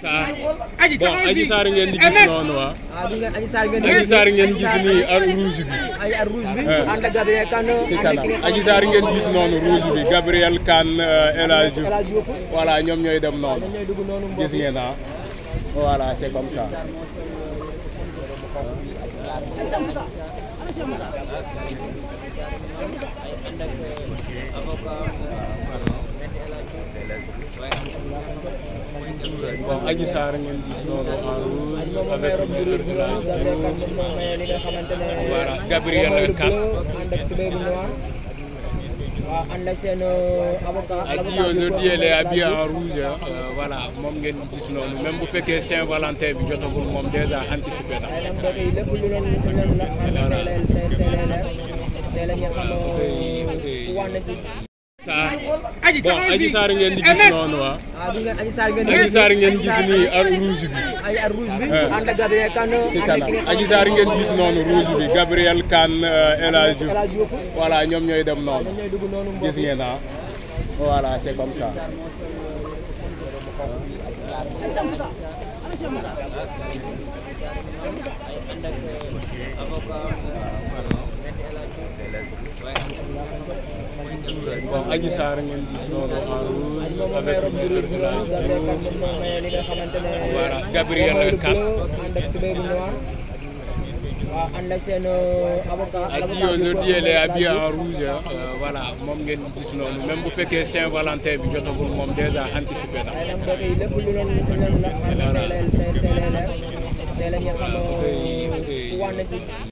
bon Adji Sarr ngeen di gis noonu waa. Adji ah, ngeen gis nii ar rouge bi. Eh. si kanam Adji Sarr ngeen gis noonu rouge bi Gabriel Kane eh, El Hadj Diouf ñoom ñooy dem noonu gis ngeen ah voilà c'est comme ça. comme Adji Sarr ngeen gis noonu en rouge avec Maître El Hadji Diouf voilà Gabriel Kane Adji aujourd'hui elle est habillée en rouge voilà moom ngeen gis noonu même bu fekkee Saint-Valentin bi jotagul moom déjà anticipé na voilà Saar bon Adji Sarr ngeen di gis noonu waa. Ah, ngeen gis nii ar bi. si kanam Adji ngeen gis noonu rouge bi ah. Gabriel Kane El Hadj Diouf ñoom ñooy dem noonu gis ngeen ah c'est comme ça. bon Adji Sarr ngeen gis noonu en rouge avec le directeur de la Gabriel Kane waaw ànd ak seen en rouge euh, voilà moom ngeen gis noonu même bu fekkee Saint-Valentin bi jotagul moom déjà anticipé na.